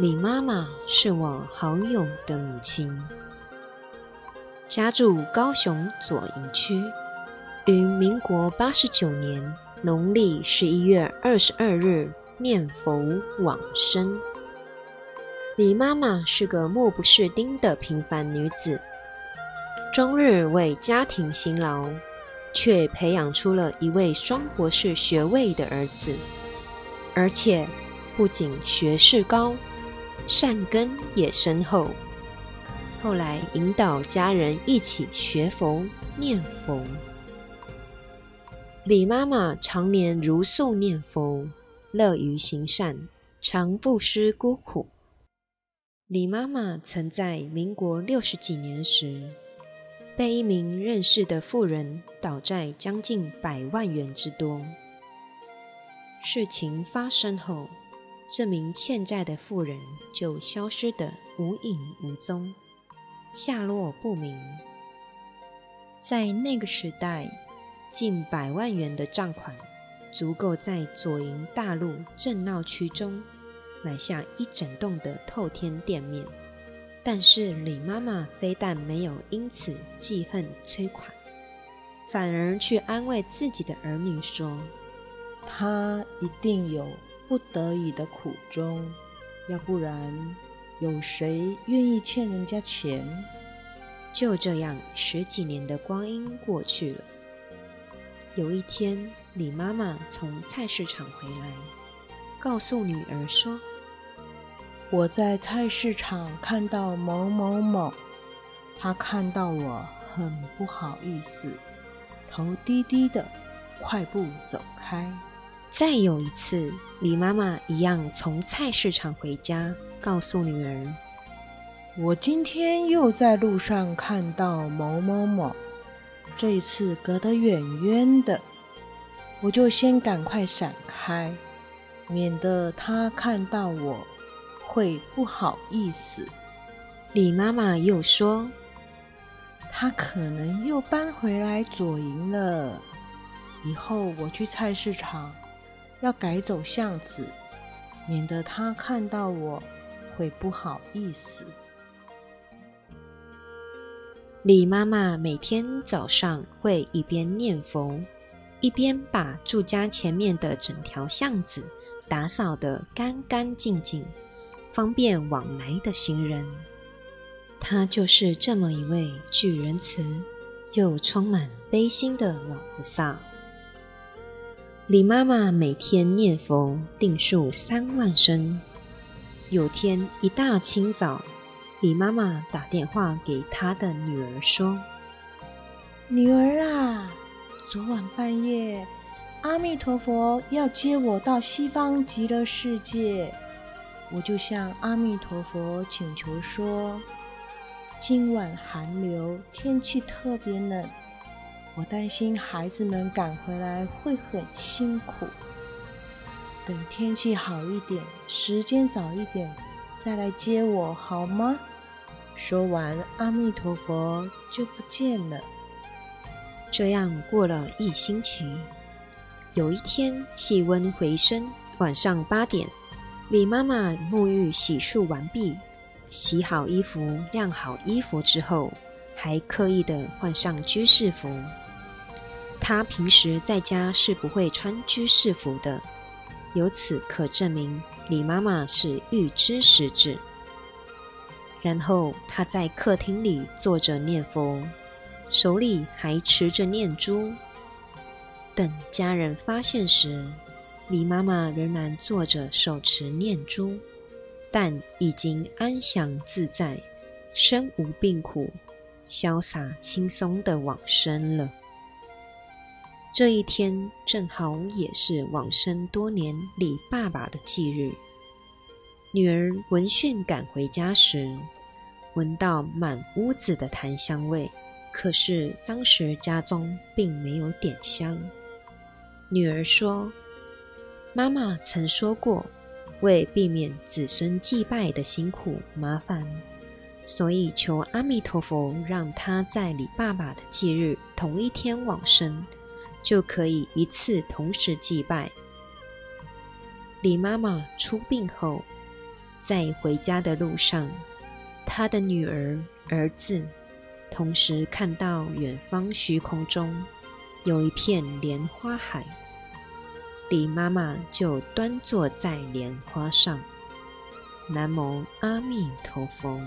李媽媽是我好友的母親，家住高雄左營區，於民國八十九年農曆十一月二十二日念佛往生。李媽媽是個目不識丁的平凡女子，終日為家庭辛勞，卻培養出了一位雙博士學位的兒子，而且不僅學識高。善根也深厚，後來引導家人一起學佛、念佛。李媽媽長年茹素、念佛，樂於行善，常布施孤苦。李媽媽曾在民國六十幾年時，被一名認識的婦人倒債將近百萬元之多。事情發生後。這名欠債的婦人就消失得無影無蹤，下落不明。在那個時代，近百萬元的賬款，足夠在左營大路正鬧區中，買下一整棟的透天店面。但是李媽媽非但沒有因此記恨催款，反而去安慰自己的兒女說：“她一定有。”不得已的苦衷，要不然，有誰願意欠人家錢？就這樣，十幾年的光陰過去了。有一天，李媽媽從菜市場回來，告訴女兒說：“我在菜市場看到某某某，她看到我很不好意思，頭低低的，快步走開。”再有一次，李媽媽一樣從菜市場回家，告訴女兒：“我今天又在路上看到某某某，這一次隔得遠遠的，我就先趕快閃開，免得她看到我會不好意思。”李媽媽又說：“她可能又搬回來左營了，以後我去菜市場。”要改走巷子，免得他看到我會不好意思。李媽媽每天早上會一邊念佛，一邊把住家前面的整條巷子打掃得乾乾淨淨，方便往來的行人。她就是這麼一位具仁慈又充滿悲心的老菩薩。李媽媽每天念佛，定數三萬聲。有天一大清早，李媽媽打電話給她的女兒說：“女兒啊，昨晚半夜，阿彌陀佛要接我到西方極樂世界，我就向阿彌陀佛請求說，今晚寒流，天氣特別冷。”我擔心孩子們趕回來會很辛苦，等天氣好一點、時間早一點再來接我好嗎？說完，阿彌陀佛就不見了。這樣過了一星期，有一天氣溫回升，晚上八點，李媽媽沐浴洗漱完畢，洗好衣服、晾好衣服之後。還刻意地換上居士服，她平時在家是不會穿居士服的，由此可證明李媽媽是預知時至。然後她在客廳裡坐着念佛，手裡還持着念珠。等家人發現時，李媽媽仍然坐着，手持念珠，但已經安詳自在，身無病苦。瀟灑輕鬆地往生了。這一天正好也是往生多年李爸爸的忌日。女兒聞訊趕回家時，聞到滿屋子的檀香味，可是當時家中並沒有點香。女兒說：“媽媽曾說過，為避免子孫祭拜的辛苦麻煩。”所以求阿彌陀佛，讓他在李爸爸的忌日同一天往生，就可以一次同時祭拜。李媽媽出殯後，在回家的路上，他的女兒、兒子同時看到遠方虛空中，有一片蓮花海，李媽媽就端坐在蓮花上，南無阿彌陀佛。